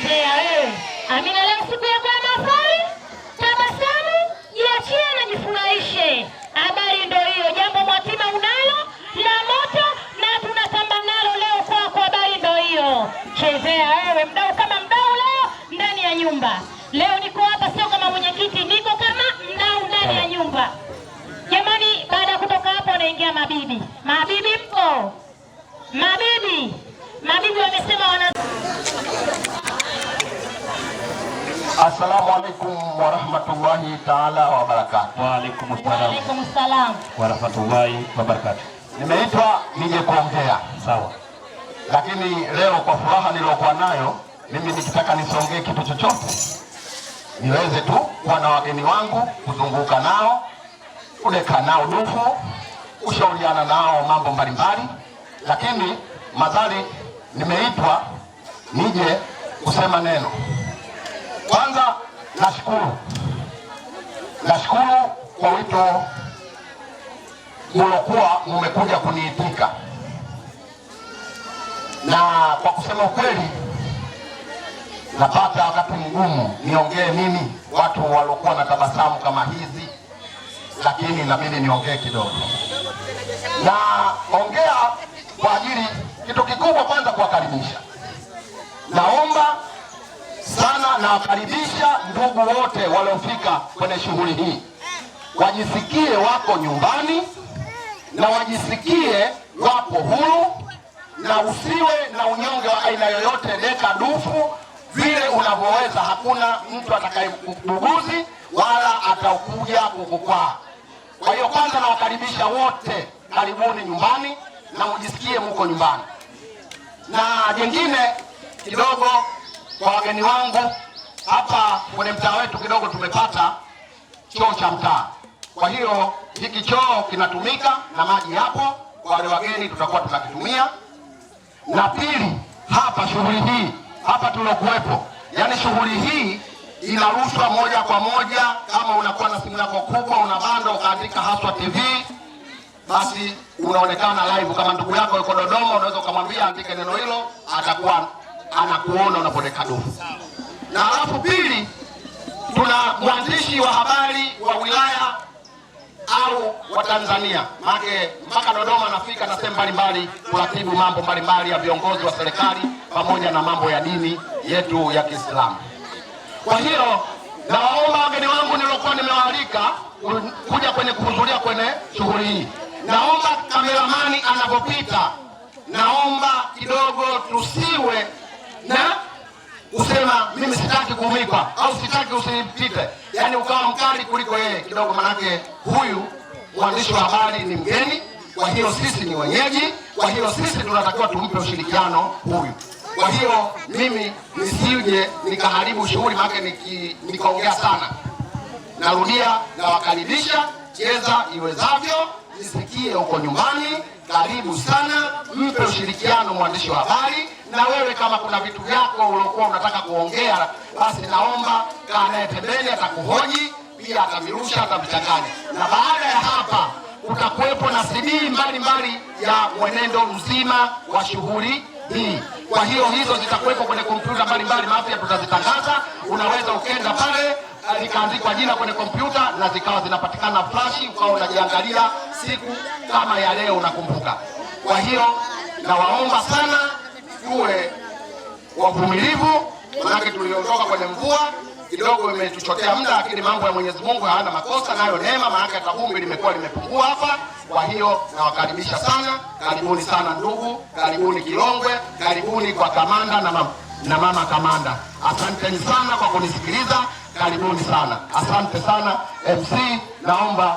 kuelezea wewe. Amina, leo siku ya Bwana fari, tabasamu, jiachie na jifurahishe. Habari ndio hiyo, jambo mwatima unalo na moto na tunatamba nalo leo kwako. Habari ndio hiyo, chezea wewe mdau kama mdau leo ndani ya nyumba. Leo niko hapa sio kama mwenyekiti, niko kama mdau ndani ya nyumba. Jamani, baada ya kutoka hapo wanaingia mabibi. Mabibi mpo? Mabibi, mabibi wamesema wana Assalamu alaikum warahmatullahi taala barakatuh. Wa alaikum salam warahmatullahi wabarakatu. Nimeitwa nije kuongea sawa, lakini leo kwa furaha niliokuwa nayo mimi nikitaka nisongee kitu chochote niweze tu kuwa na wageni wangu, kuzunguka nao, kuleka nao dufu, kushauriana nao mambo mbalimbali, lakini madhali nimeitwa nije kusema neno kwanza nashukuru, nashukuru kwa wito mlokuwa mmekuja kuniitika, na kwa kusema ukweli, napata wakati mgumu niongee mimi, watu waliokuwa na tabasamu kama hizi, lakini inabidi niongee kidogo. Naongea kwa ajili kitu kikubwa, kwanza kuwakaribisha, naomba sana. Nawakaribisha ndugu wote waliofika kwenye shughuli hii, wajisikie wako nyumbani na wajisikie wapo huru, na usiwe na unyonge wa aina yoyote. Deka dufu vile unavyoweza, hakuna mtu atakayebuguzi wala atakuja kukukwaa. Kwa hiyo kwanza nawakaribisha wote, karibuni nyumbani na mjisikie muko nyumbani. Na jingine kidogo kwa wageni wangu hapa kwenye mtaa wetu kidogo tumepata choo cha mtaa. Kwa hiyo hiki choo kinatumika na maji yapo, wale wageni tutakuwa tunakitumia. Na pili, hapa shughuli hii hapa tuliokuwepo, yani shughuli hii inarushwa moja kwa moja. Kama unakuwa na simu yako kubwa una bando ukaandika Haswa TV, basi unaonekana live. Kama ndugu yako yuko Dodoma, unaweza ukamwambia andike neno hilo, atakuwa anakuona unapoteka dumu. Na alafu pili, tuna mwandishi wa habari wa wilaya au wa Tanzania make mpaka Dodoma anafika na sehemu mbalimbali kuratibu mambo mbalimbali ya viongozi wa serikali pamoja na mambo ya dini yetu ya Kiislamu. Kwa hiyo nawaomba wageni wangu niliokuwa nimewaalika kuja kwenye kuhudhuria kwenye shughuli hii, naomba kameramani anapopita, naomba kidogo tusiwe na kusema mimi sitaki kumlipa au sitaki usinipite, yani ukawa mkali kuliko yeye kidogo, manake huyu mwandishi wa habari ni mgeni, kwa hiyo sisi ni wenyeji, kwa hiyo sisi tunatakiwa tumpe ushirikiano huyu. Kwa hiyo mimi nisije nikaharibu shughuli, maana nikaongea sana. Narudia, nawakaribisha, cheza iwezavyo, nisikie huko nyumbani, karibu sana ushirikiano, mwandishi wa habari, na wewe kama kuna vitu vyako uliokuwa unataka kuongea, basi naomba kanaye pembeni, atakuhoji pia, atavirusha, atavichanganya, na baada ya hapa kutakuwepo na CD mbalimbali ya mwenendo mzima wa shughuli hii. Kwa hiyo hizo zitakuwepo kwenye kompyuta mbalimbali, mapya tutazitangaza. Unaweza ukenda pale zikaandikwa jina kwenye kompyuta na zikawa zinapatikana flash, ukawa unajiangalia siku kama ya leo, unakumbuka. Kwa hiyo nawaomba sana tuwe wavumilivu, manake tuliondoka kwenye mvua kidogo imetuchotea muda, lakini mambo ya Mwenyezi Mungu hayana makosa, nayo neema, maana hata vumbi limekuwa limepungua hapa. Kwa hiyo nawakaribisha sana, karibuni sana ndugu, karibuni Kilongwe, karibuni kwa kamanda na mama, na mama kamanda, asanteni sana kwa kunisikiliza, karibuni sana, asante sana MC, naomba